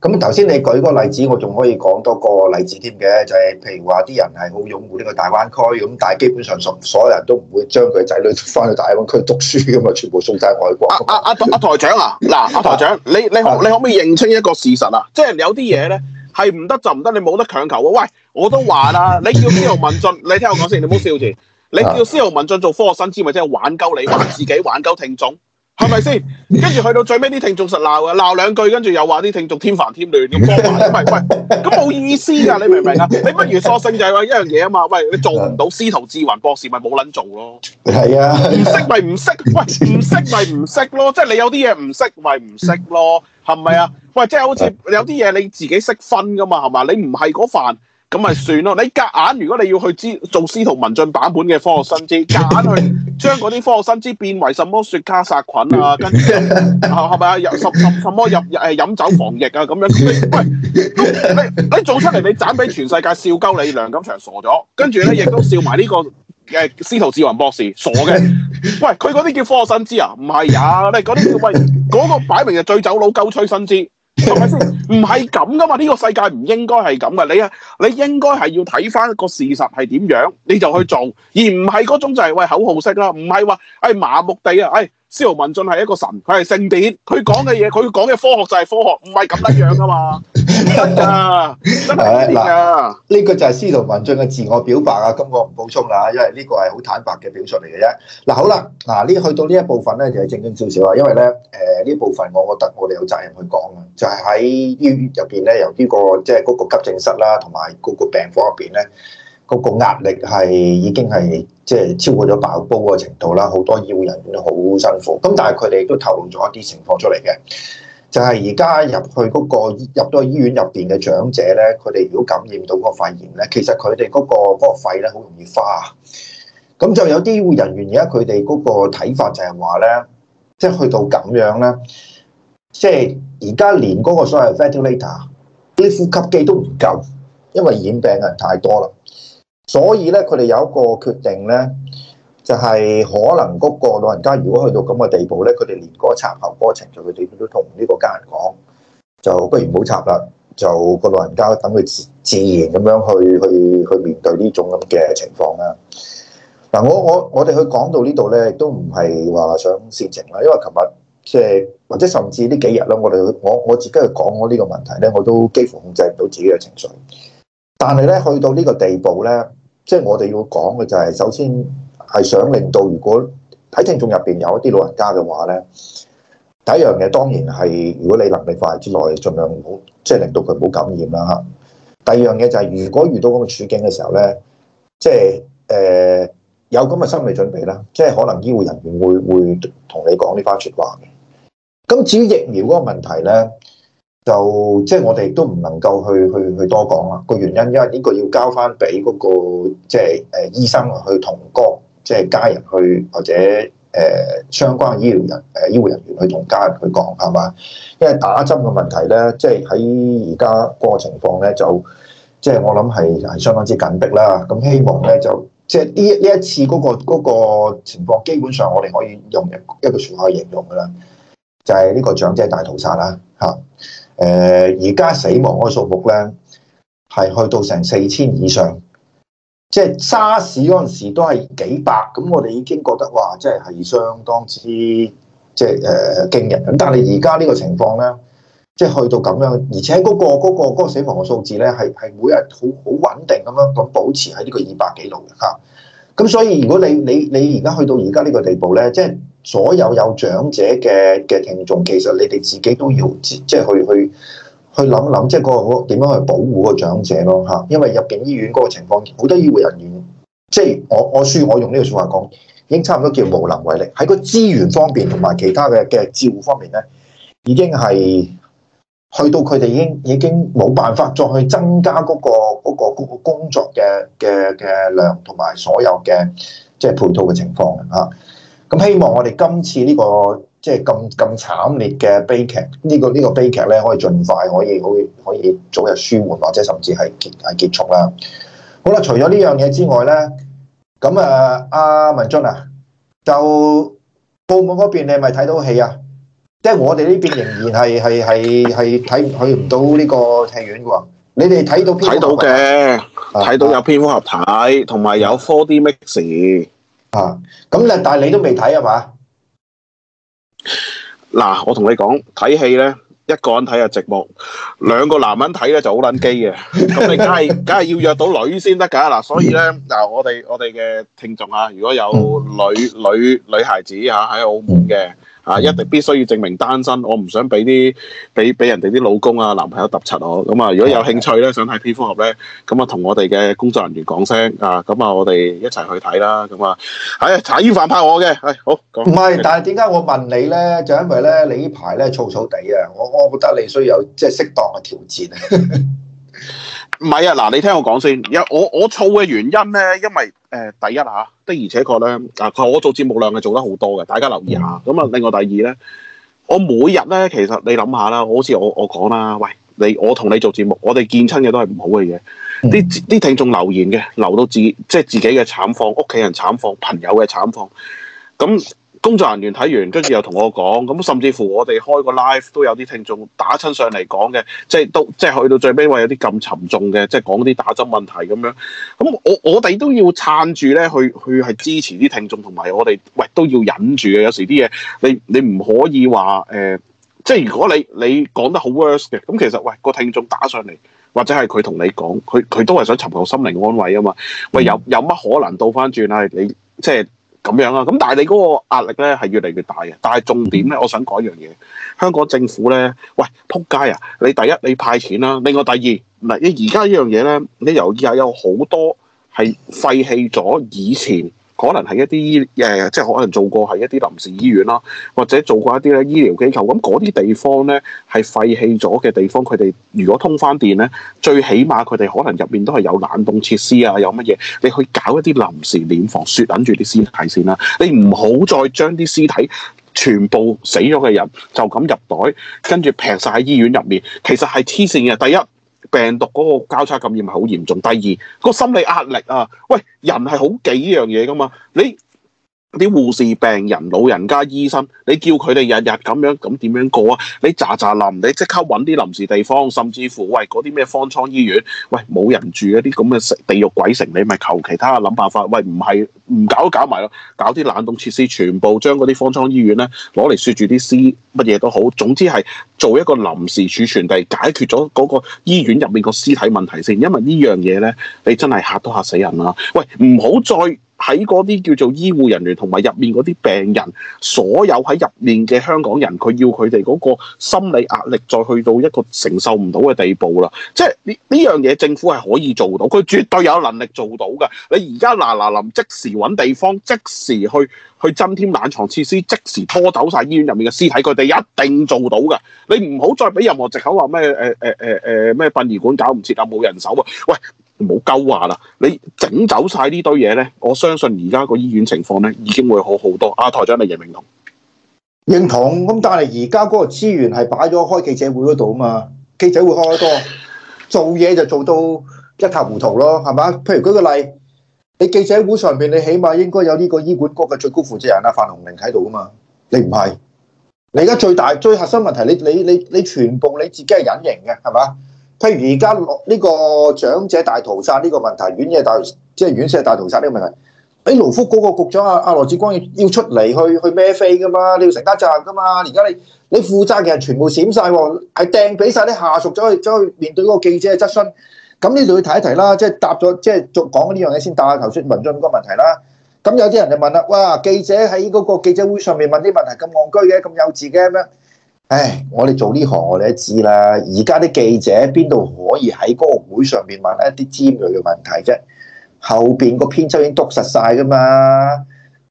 咁頭先你舉嗰個例子，我仲可以講多個例子添嘅，就係、是、譬如話啲人係好擁護呢個大灣區，咁但係基本上所所有人都唔會將佢仔女翻去大灣區讀書咁嘛，全部送晒外國。阿阿阿台長啊，嗱、 啊，阿、啊、台長，你你， 你可你可唔可以認清一個事實啊？ 即係有啲嘢咧係唔得就唔得，你冇得強求喎。喂，我都話啦，你叫司徒文進， 你聽我講先，你唔好笑住。你叫司徒文進做科學生，知咪？即係玩鳩你，玩自己，玩鳩聽眾。係咪先？跟住去到最尾啲聽眾實鬧啊！鬧兩句，跟住又話啲聽眾添煩添亂咁幫忙，唔係，喂，咁冇意思噶，你明唔明啊？你不如索性就係話一樣嘢啊嘛，喂，你做唔到，司徒智環博士咪冇撚做咯，係啊，唔識咪唔識，喂，唔識咪唔識咯，即係你有啲嘢唔識咪唔識咯，係咪啊？喂，即係好似有啲嘢你自己識分噶嘛，係嘛？你唔係嗰份。咁咪算咯！你夾硬，硬，如果你要去知做司徒文進版本嘅科學新知，夾硬，硬去將嗰啲科學新知變為什麼雪茄殺菌啊？跟住係咪啊？入什什什麼入誒飲酒防疫啊？咁樣喂，你你做出嚟，你盞俾全世界笑鳩你梁錦祥傻咗，跟住咧亦都笑埋呢、這個誒、呃、司徒志云博士傻嘅。喂，佢嗰啲叫科學新知啊？唔係啊。你嗰啲叫喂嗰、那個擺明係醉酒佬鳩吹新知。唔係咁噶嘛，呢、 這個世界唔應該係咁噶。你啊，你應該係要睇返個事實係點樣，你就去做，而唔係嗰種就係、是、喂，口號式啦。唔係話誒麻木地啊，誒、哎。司徒文進係一個神，佢係聖典，佢講嘅嘢，佢講嘅科學就係科學，唔係咁得樣噶嘛， 真噶、啊，真係呢啲噶。呢、啊，這個就係司徒文進嘅自我表白啊，咁我唔補充啦、啊啊就是，因為呢個係好坦白嘅表述嚟嘅啫。嗱好啦，嗱呢去到呢一部分咧，就係正正少少啊，因為咧，誒呢部分我覺得我哋有責任去講啊，就係喺醫院入邊咧，由呢、這個即係嗰個急症室啦，同埋嗰個病房入邊咧。嗰個壓力係已經係即係超過咗爆煲個程度啦，好多醫護人員都好辛苦。咁但係佢哋都透露咗一啲情況出嚟嘅，就係而家入去嗰個入到醫院入邊嘅長者咧，佢哋如果感染到嗰個肺炎咧，其實佢哋嗰個嗰個肺咧好容易花。咁就有啲醫護人員而家佢哋嗰個睇法就係話咧，即係去到咁樣咧，即係而家連嗰個所謂 ventilator 啲呼吸機都唔夠，因為染病嘅人太多啦。所以咧，佢哋有一個決定咧，就係可能嗰個老人家如果去到咁嘅地步咧，佢哋連嗰個插喉嗰個程序，佢哋都同呢個家人講，就不如唔好插啦，就個老人家等佢自然咁樣去去去面對呢種咁嘅情況啦。嗱，我我我哋去講到呢度咧，亦都唔係話想煽情啦，因為琴日即係或者甚至呢幾日啦，我哋我我自己去講我呢個問題咧，我都幾乎控制唔到自己嘅情緒，但係咧去到呢個地步咧。即係我哋要講嘅就係，首先係想令到，如果喺聽眾入邊有一啲老人家嘅話咧，第一樣嘢當然係，如果你能力範圍之內，儘量唔好，即係令到佢冇感染啦。嚇，第二樣嘢就係，如果遇到咁嘅處境嘅時候咧，即係誒有咁嘅心理準備啦。即係可能醫護人員會會同你講呢番說話嘅。咁至於疫苗嗰個問題咧，就即係我哋都唔能夠去去去多講啦，個原因因為呢個要交翻俾嗰個即係誒醫生去同個，即、就、係、是、家人去或者誒、呃、相關醫療人誒醫護人員去同家人去講係嘛，因為打針嘅問題咧，即係喺而家嗰個情況咧，就即係、就是、我諗係係相當之緊迫啦。咁希望咧就即係呢呢一次嗰、那個、那個情況，基本上我哋可以用一一個詞可以形容噶啦，就係、是、呢個長者大屠殺啦。嚇！誒而家死亡嘅數目咧，係去到成四千以上，即係沙士嗰陣時都係幾百，咁我哋已經覺得哇，即係係相當之即係誒、呃、驚人。咁但係而家呢個情況咧，即係去到咁樣，而且嗰、嗰個嗰、嗰個嗰個、死亡嘅數字咧，係係每日好好穩定咁樣咁保持喺呢個二百幾度嘅嚇。咁、啊、所以如果你你你而家去到而家呢個地步咧，即係。所有有長者嘅嘅聽眾，其實你哋自己都要即係去去去諗諗，即係個個點樣去保護個長者咯嚇。因為入境醫院嗰個情況，好多醫護人員，即係我我恕我用呢個説話講，已經差唔多叫無能為力，喺個資源方面同埋其他嘅嘅照顧方面咧，已經係去到佢哋已經已經冇辦法再去增加嗰個嗰個嗰個工作嘅嘅嘅量同埋所有嘅即係配套嘅情況嘅嚇咁希望我哋今次呢個即係咁咁慘烈嘅悲劇，呢個呢個悲劇咧可以盡快可以可可以早日舒緩或者甚至係結啊結束啦。好啦，除咗呢樣嘢之外咧，咁啊阿文進啊，就澳門嗰邊你係咪睇到戲啊？即係我哋呢邊仍然係係係係睇去唔到呢個戲院嘅喎。你哋睇到睇到嘅，睇到有蝙蝠俠同埋有 four D mix。啊，咁你但係你都未睇啊嘛？嗱、啊，我同你講，睇戲咧，一個人睇就寂寞，兩個男人睇咧就好捻基嘅，咁 你梗係梗係要約到女先得噶。嗱、啊，所以咧，嗱、啊，我哋我哋嘅聽眾啊，如果有女女女孩子吓、啊、喺澳門嘅。 啊！一定、嗯、必須要證明單身，我唔想俾啲俾俾人哋啲老公啊男朋友揼柒我。咁啊，如果有興趣咧，想睇蝙蝠俠咧，咁啊，同我哋嘅工作人員講聲啊，咁啊，哎、我哋一齊去睇啦。咁、哎、啊，係茶煙飯派我嘅，係好。唔係，但係點解我問你咧？就因為咧，你呢排咧躁躁地啊，我我覺得你需要有即係適當嘅挑戰。呵呵唔係啊，嗱你聽我講先，有我我燥嘅原因咧，因為誒、呃、第一嚇、啊、的而且確咧，啊我做節目量係做得好多嘅，大家留意下。咁啊、嗯，另外第二咧，我每日咧其實你諗下啦，好似我我講啦，喂你我同你做節目，我哋見親嘅都係唔好嘅嘢，啲啲、嗯、聽眾留言嘅留到自即係自己嘅慘況，屋企人慘況，朋友嘅慘況，咁、嗯。工作人員睇完，跟住又同我講，咁甚至乎我哋開個 live 都有啲聽眾打親上嚟講嘅，即係到即係去到最尾話有啲咁沉重嘅，即係講啲打針問題咁樣。咁、嗯、我我哋都要撐住咧，去去係支持啲聽眾，同埋我哋喂都要忍住嘅。有時啲嘢你你唔可以話誒、呃，即係如果你你講得好 worse 嘅，咁其實喂、那個聽眾打上嚟，或者係佢同你講，佢佢都係想尋求心靈安慰啊嘛。喂，有有乜可能倒翻轉啊？你即係。咁樣啊，咁但係你嗰個壓力咧係越嚟越大嘅，但係重點咧，我想講一樣嘢，香港政府咧，喂，撲街啊！你第一，你派錢啦、啊，另外第二，嗱，你而家呢樣嘢咧，你留意下，有好多係廢棄咗以前。可能係一啲醫誒，即係可能做過係一啲臨時醫院啦、啊，或者做過一啲咧醫療機構。咁嗰啲地方咧係廢棄咗嘅地方，佢哋如果通翻電咧，最起碼佢哋可能入面都係有冷凍設施啊，有乜嘢？你去搞一啲臨時殮房，雪等住啲屍體先啦、啊。你唔好再將啲屍體全部死咗嘅人就咁入袋，跟住平晒喺醫院入面。其實係黐線嘅。第一。病毒嗰個交叉感染係好嚴重。第二個心理壓力啊，喂，人係好幾樣嘢㗎嘛，你。啲護士、病人、老人家、醫生，你叫佢哋日日咁樣，咁點樣過啊？你咋咋冧，你即刻揾啲臨時地方，甚至乎喂嗰啲咩方艙醫院，喂冇人住嗰啲咁嘅地獄鬼城，你咪求其他諗辦法。喂，唔係唔搞都搞埋咯，搞啲冷凍設施，全部將嗰啲方艙醫院呢攞嚟雪住啲屍，乜嘢都好，總之係做一個臨時儲存地，解決咗嗰個醫院入面個屍體問題先。因為呢樣嘢呢，你真係嚇都嚇死人啦。喂，唔好再。喺嗰啲叫做醫護人員同埋入面嗰啲病人，所有喺入面嘅香港人，佢要佢哋嗰個心理壓力，再去到一個承受唔到嘅地步啦。即係呢呢樣嘢，政府係可以做到，佢絕對有能力做到嘅。你而家嗱嗱臨即時揾地方，即時去去增添冷藏設施，即時拖走晒醫院入面嘅屍體，佢哋一定做到嘅。你唔好再俾任何借口話咩誒誒誒誒咩殯儀館搞唔切啊，冇人手啊喂！冇好鳩話啦！你整走晒呢堆嘢咧，我相信而家個醫院情況咧已經會好好多。阿、啊、台長，你認唔認同？認同。咁，但係而家嗰個資源係擺咗開記者會嗰度啊嘛，記者會開得多，做嘢就做到一塌糊塗咯，係嘛？譬如舉個例，你記者會上邊，你起碼應該有呢個醫管局嘅最高負責人啊，范鴻齡喺度啊嘛，你唔係？你而家最大最核心問題，你你你你，你全部你自己係隱形嘅，係嘛？譬如而家落呢個長者大屠殺呢個問題，院舍大即係、就是、院舍大屠殺呢個問題，俾勞福局個局長阿阿、啊、羅志光要出嚟去去孭飛噶嘛，你要承擔責任噶嘛，而家你你負責嘅人全部閃晒喎、啊，係掟俾晒啲下屬走去走去面對嗰個記者嘅質詢。咁呢度要提一提啦，即係答咗即係續講呢樣嘢先答下頭先文進嗰個問題啦。咁有啲人就問啦，哇，記者喺嗰個記者會上面問啲問題咁戇居嘅，咁幼稚嘅咩？」唉，我哋做呢行，我哋都知啦。而家啲記者邊度可以喺個會上面問一啲尖銳嘅問題啫？後邊個編輯已經督實晒噶嘛。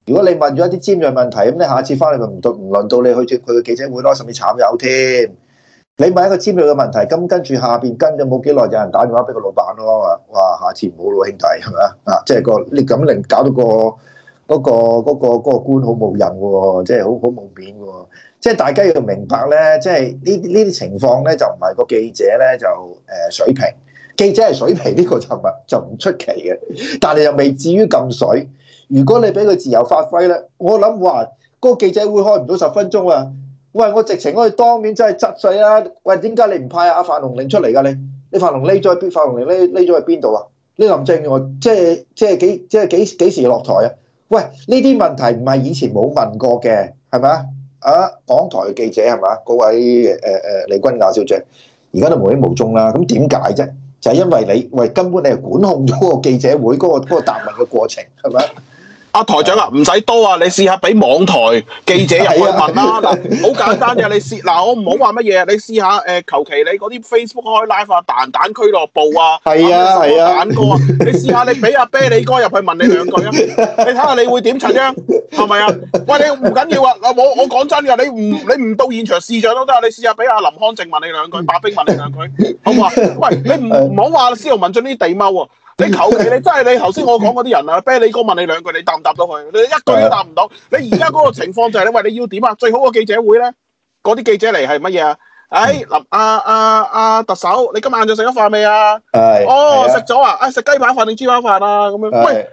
如果你問咗一啲尖銳問題，咁你下次翻嚟，就唔到唔輪到你去接佢嘅記者會咯，甚至慘有添。你問一個尖銳嘅問題，咁跟住下邊跟咗冇幾耐，有人打電話俾個老闆咯。話哇，下次唔好咯，兄弟係咪啊？啊、 嗰個，即係、嗰個你咁令搞到個嗰、嗰個、嗰個官好冇癮嘅，即係好好冇面嘅。即係大家要明白咧，即係呢呢啲情況咧就唔係個記者咧就誒水平，記者係水平呢個就唔就唔出奇嘅。但係又未至於禁水。如果你俾佢自由發揮咧，我諗話嗰個記者會開唔到十分鐘啊！喂，我直情我係當面真係質詢啦。喂，點解你唔派阿范鴻齡出嚟㗎？你你范鴻匿咗喺邊？范鴻齡匿匿咗喺邊度啊？你林鄭喎，即係即係幾即係幾幾時落台啊？喂，呢啲問題唔係以前冇問過嘅，係咪啊？啊！港台嘅記者係嘛？嗰位誒誒、呃、利君雅小姐，而家都無影無蹤啦。咁點解啫？就係、係、因為你，喂，根本你係管控咗個記者會嗰、嗰個嗰、嗰個答問嘅過程，係咪？阿、啊、台長啊，唔使多啊，你試下俾網台記者入去問啦，嗱，好簡單嘅，你試嗱、啊、我唔好話乜嘢，你試下誒，求、啊、其你嗰啲 Facebook 開 live 啊，蛋蛋俱樂部啊，係啊係啊，蛋哥啊，啊啊啊你試下你俾阿啤你哥入去問你兩句啊，啊你睇下你會點襯啫，係咪啊？喂，你唔緊要啊，阿我我講真嘅，你唔你唔到現場視像都得，你試下俾阿林康正問你兩句，白冰問你兩句，好唔好啊？喂，你唔好話私聊問進啲地踎喎。啊你求其，你真係你頭先我講嗰啲人啊，啤你哥問你兩句，你答唔答到佢？你一句都答唔到。你而家嗰個情況就係你話，你要點啊？最好個記者會咧，嗰啲記者嚟係乜嘢啊？哎嗱，阿阿阿特首，你今晚仲食咗飯未啊？係哦，食咗啊？啊食雞扒飯定豬扒飯啊？咁樣喂，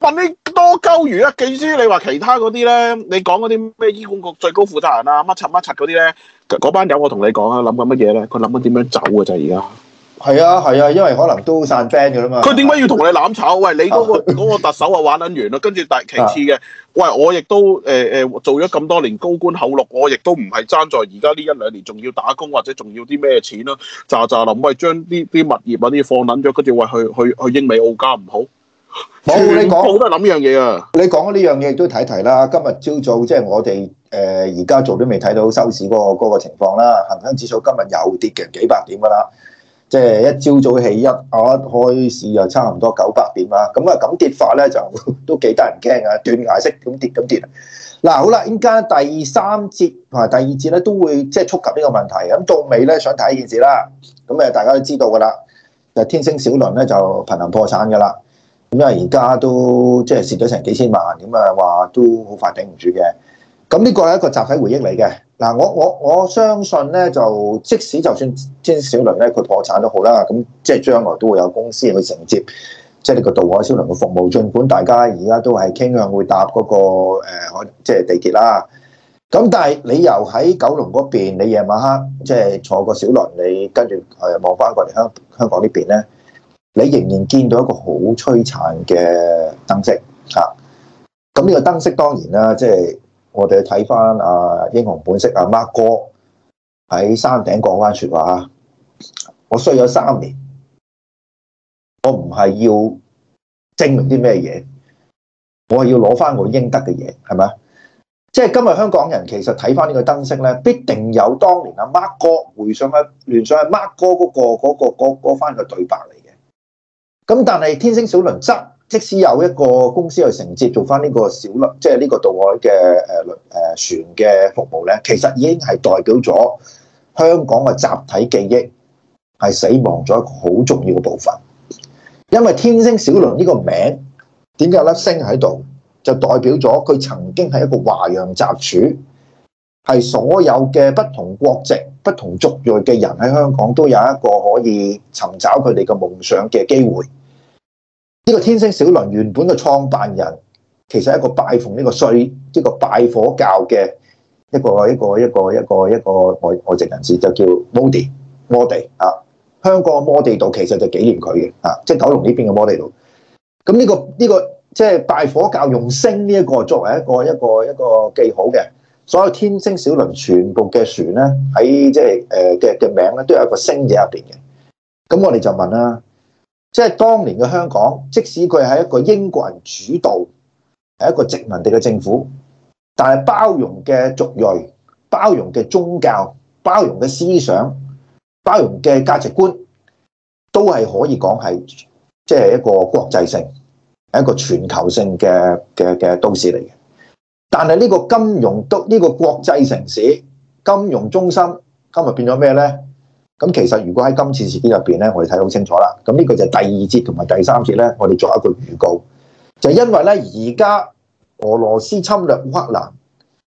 問你多鳩魚啊？記住你話其他嗰啲咧，你講嗰啲咩醫管局最高負責人啊，乜柒乜柒嗰啲咧，嗰班友我同你講啊，諗緊乜嘢咧？佢諗緊點樣走嘅就係而家。係啊，係啊，因為可能都散 friend 嘅啦嘛。佢點解要同你攬炒？喂，你嗰、那個、 個特首啊，玩撚完啦。跟住但係其次嘅，喂，我亦都誒誒、呃、做咗咁多年高官厚祿，我亦都唔係爭在而家呢一兩年，仲要打工或者仲要啲咩錢啦？咋咋諗喂，將呢啲物業啊啲貨撚咗跟住，喂，去去去英美澳加唔好？冇，你講，全部都係諗呢樣嘢啊！你講呢樣嘢都睇睇啦。今日朝早即係、就是、我哋誒而家做都未睇到收市嗰個情況啦。恒生指數今日又跌嘅幾百點噶啦。即係一朝早起一開市又差唔多九百點啦，咁啊咁跌法咧就都幾得人驚啊，斷崖式咁跌咁跌。嗱，好啦，依家第三節同埋第二節咧都會即係觸及呢個問題。咁到尾咧想睇件事啦，咁誒大家都知道㗎啦，就天星小輪咧就瀕臨破產㗎啦。咁因為而家都即係蝕咗成幾千萬，咁啊話都好快頂唔住嘅。咁呢個係一個集體回憶嚟嘅嗱，我我我相信咧，就即使就算小輪咧佢破產都好啦，咁即係將來都會有公司去承接，即係呢個渡海小輪嘅服務。儘管大家而家都係傾向會搭嗰個誒、呃，即係地鐵啦。咁但係你又喺九龍嗰邊，你夜晚黑即係坐個小輪，你跟住誒望翻過嚟香香港，香港呢邊咧，你仍然見到一個好璀璨嘅燈飾嚇。咁呢個燈飾當然啦，即係。我哋去睇翻阿英雄本色阿 Mark 哥喺山頂講翻說話啊，我衰咗三年，我唔係要證明啲咩嘢，我係要攞翻我應得嘅嘢，係咪？即係今日香港人其實睇翻呢個燈飾咧，必定有當年阿 Mark 哥回想翻聯想阿 Mark 哥嗰個嗰、嗰個嗰嗰、嗰個、番嘅對白嚟嘅。咁但係天星小輪則，即使有一個公司去承接做翻呢個小輪，即係呢個渡海嘅誒輪船嘅服務咧，其實已經係代表咗香港嘅集體記憶係死亡咗一個好重要嘅部分。因為天星小輪呢個名點解粒星喺度，就代表咗佢曾經係一個華洋雜處，係所有嘅不同國籍、不同族裔嘅人喺香港都有一個可以尋找佢哋嘅夢想嘅機會。呢個天星小輪原本嘅創辦人，其實係一個拜奉呢個碎呢個拜火教嘅一個一個一個一個一個外外籍人士，就叫麼地麼地啊。香港嘅麼地道其實就紀念佢嘅啊，即係九龍呢邊嘅麼地道。咁、啊、呢、這個呢、這個即係、這個就是、拜火教用星呢一個作為一個一個一個，一個記號嘅，所有天星小輪全部嘅船咧，喺即係誒嘅嘅名咧，都有一個星字入邊嘅。咁我哋就問啦。即係當年嘅香港，即使佢係一個英國人主導，係一個殖民地嘅政府，但係包容嘅族裔、包容嘅宗教、包容嘅思想、包容嘅價值觀，都係可以講係即係一個國際性、係一個全球性嘅嘅嘅都市嚟嘅。但係呢個金融都呢個國際城市金融中心，今日變咗咩呢？咁其實如果喺今次事件入邊咧，我哋睇好清楚啦。咁呢個就係第二節同埋第三節咧，我哋做一個預告。就係因為咧，而家俄羅斯侵略烏克蘭，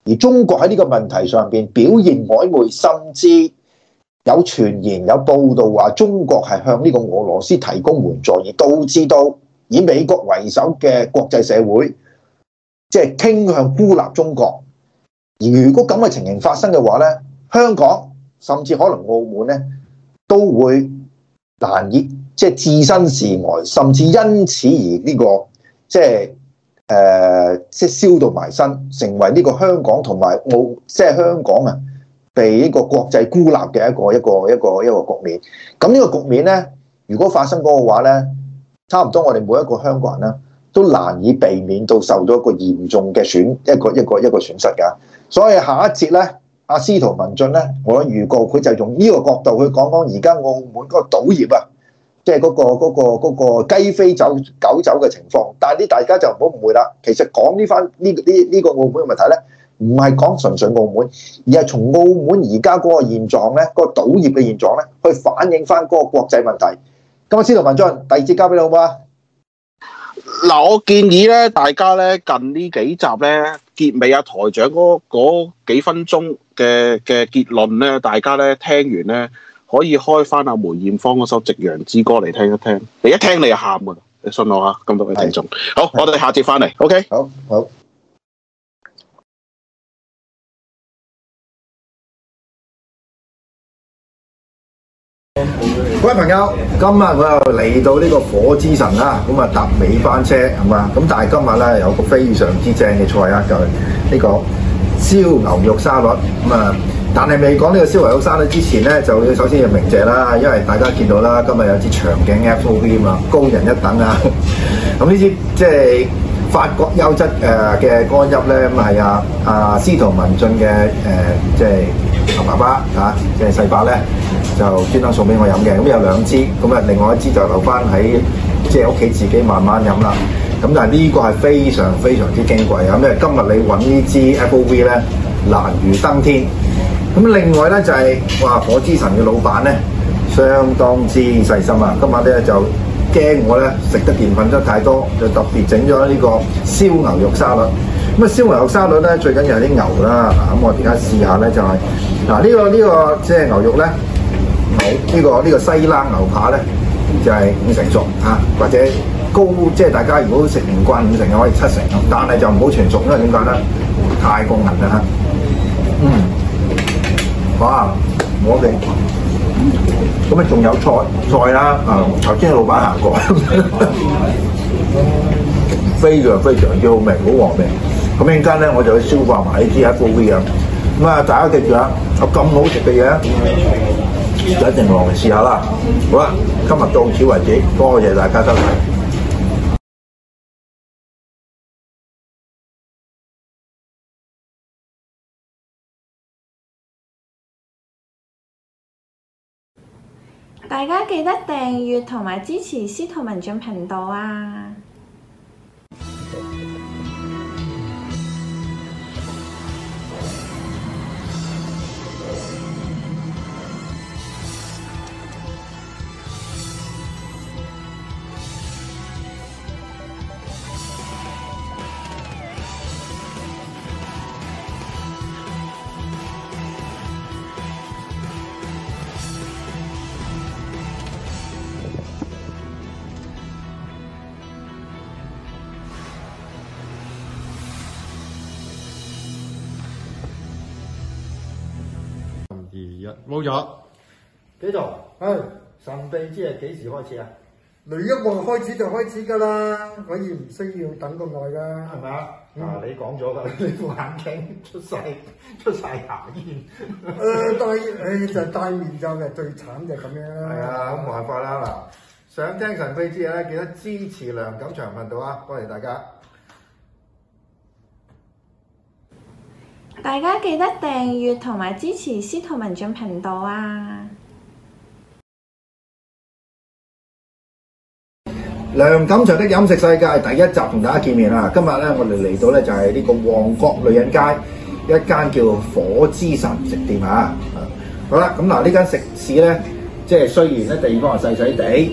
而中國喺呢個問題上邊表現曖昧，甚至有傳言有報道話中國係向呢個俄羅斯提供援助，而導致到以美國為首嘅國際社會即係傾向孤立中國。而如果咁嘅情形發生嘅話咧，香港甚至可能澳門咧，都會難以即係置身事外，甚至因此而呢、這個即係誒、呃、即係燒到埋身，成為呢個香港同埋澳，即係香港啊，被呢個國際孤立嘅一個一個一個一個局面。咁、這、呢個局面呢，如果發生嗰個話呢，差唔多我哋每一個香港人呢，都難以避免到受到一個嚴重嘅損，一個一個一個損失㗎。所以下一節呢。阿司徒文進咧，我預告佢就用呢個角度去講講而家澳門嗰個賭業啊，即係嗰個嗰、嗰個嗰、嗰個嗰個、雞飛走狗走嘅情況。但係啲大家就唔好誤會啦，其實講呢番呢呢呢個澳門嘅問題咧，唔係講純粹澳門，而係從澳門而家嗰個現狀咧，個賭業嘅現狀咧，去反映翻嗰個國際問題。咁阿司徒文進，第二節交俾你好唔好？嗱，我建議咧，大家咧近呢幾集咧結尾啊台長嗰嗰幾分鐘嘅嘅結論咧，大家咧聽完咧，可以開翻阿、啊、梅艷芳嗰首《夕陽之歌》嚟聽一聽。你一聽你就喊嘅，你信我啊！咁多位聽眾，的好，的我哋下節翻嚟，OK，好好。好各位朋友，今日我又嚟到呢個火之神啦，咁啊搭尾班車係嘛，咁但係今日咧有個非常之正嘅菜啊，就係呢個燒牛肉沙律。咁啊，但係未講呢個燒牛肉沙律之前咧，就要首先要鳴謝啦，因為大家見到啦，今日有支長鏡 FOV 啊，高人一等啊，咁呢啲即係。就是法國優質誒嘅干邑咧，咁係啊啊司徒文進嘅誒，即係阿爸爸啊，即係細、啊、伯咧，就專登送俾我飲嘅。咁、嗯、有兩支，咁、嗯、啊另外一支就留翻喺即係屋企自己慢慢飲啦。咁、嗯、但係呢個係非常非常之矜貴啊！因、嗯、為今日你揾呢支 F.O.V 咧難如登天。咁、嗯、另外咧就係、是、哇，火之神嘅老闆咧相當之細心啊！今晚咧就。驚我咧食得澱粉質太多，就特別整咗呢個燒牛肉沙律。咁啊，燒牛肉沙律咧最緊要係啲牛啦。咁、啊、我而家試下咧就係、是、嗱，呢、啊這個呢、這個即係牛肉咧，牛、這、呢個呢、這個西冷牛扒咧就係、是、五成熟啊，或者高即係、就是、大家如果食唔慣五成嘅可以七成，但係就唔好全熟，因為點解咧太過韌啦吓。嗯，好啊，我哋。咁啊，仲有菜菜啦，啊、嗯，頭先老闆行過，非 常非常，之好，好味，好黃味。咁一陣間咧，我就去消化埋啲啲啊，咖啡啊。咁啊，大家記住啊，有咁好食嘅嘢，就一定落嚟試下啦。好啦，今日到此為止，多謝大家收睇。大家記得訂閱同埋支持司徒文進頻道啊！冇咗，幾度？唉，神秘之日幾時開始啊？雷一望開始就開始噶啦，可以唔需要等咁耐噶，係咪啊？嗱，你講咗噶，呢副眼鏡出晒出晒牙煙。誒，戴誒就戴面罩嘅，最慘就咁樣啦。係啊，咁冇辦法啦嗱。想聽神秘之日咧，記得支持梁錦祥頻道啊，多謝大家。大家記得訂閱同埋支持司徒文進頻道啊！梁錦祥的飲食世界第一集同大家見面啦！今日咧，我哋嚟到咧就係呢個旺角女人街一間叫火之神食店啊！好啦，咁嗱，呢間食肆咧，即係雖然咧地方係細細地。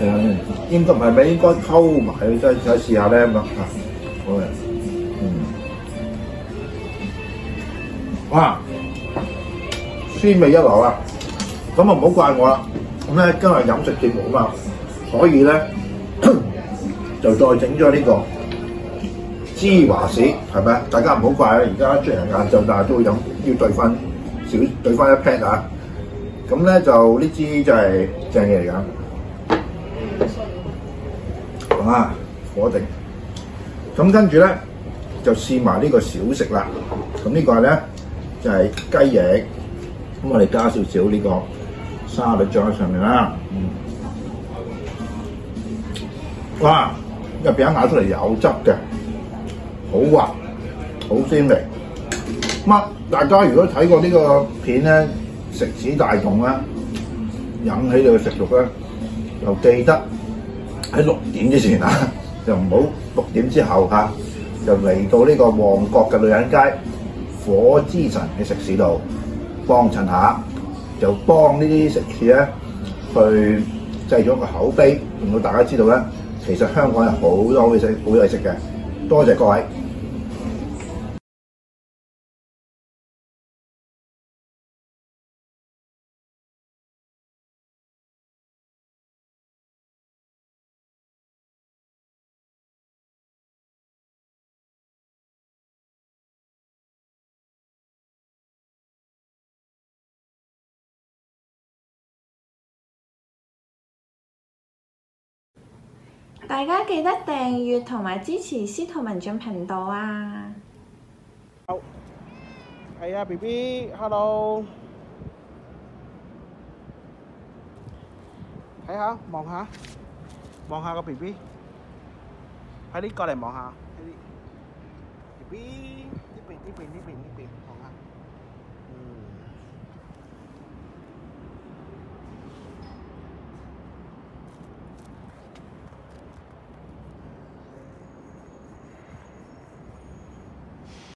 係啊、嗯，應該唔係咩，應該溝埋再試下咧嘛，好啊，嗯，哇，酸味一流啊，咁就唔好怪我啦，咁咧今日飲食節目嘛，所以呢， 就再整咗呢個芝華士，係咪大家唔好怪現在要啊，而家雖然晏晝，但係都飲要兌翻少兌翻一 pat 啊，咁咧就呢支就係正嘢嚟㗎。啊，火定，咁跟住咧就試埋呢個小食啦。咁、這個、呢個咧就係、是、雞翼，咁我哋加少少呢個沙律醬喺上面啦。嗯，哇，入邊咬出嚟有汁嘅，好滑，好鮮味。咁大家如果睇過呢個片咧，食指大動啦，引起你嘅食欲咧，就記得。喺六點之前啊，就唔好六點之後啊，就嚟到呢個旺角嘅女人街火之神嘅食肆度幫襯下，就幫呢啲食肆咧去製咗個口碑，令到大家知道咧，其實香港有好多好嘢食，好嘢食嘅，多謝各位。大家記得訂閱同埋支持司徒文進頻道啊！好，係啊，B B，hello，睇下望下望下個 B B，快啲過嚟望下，睇啲 B B，啲片啲片啲片啲片。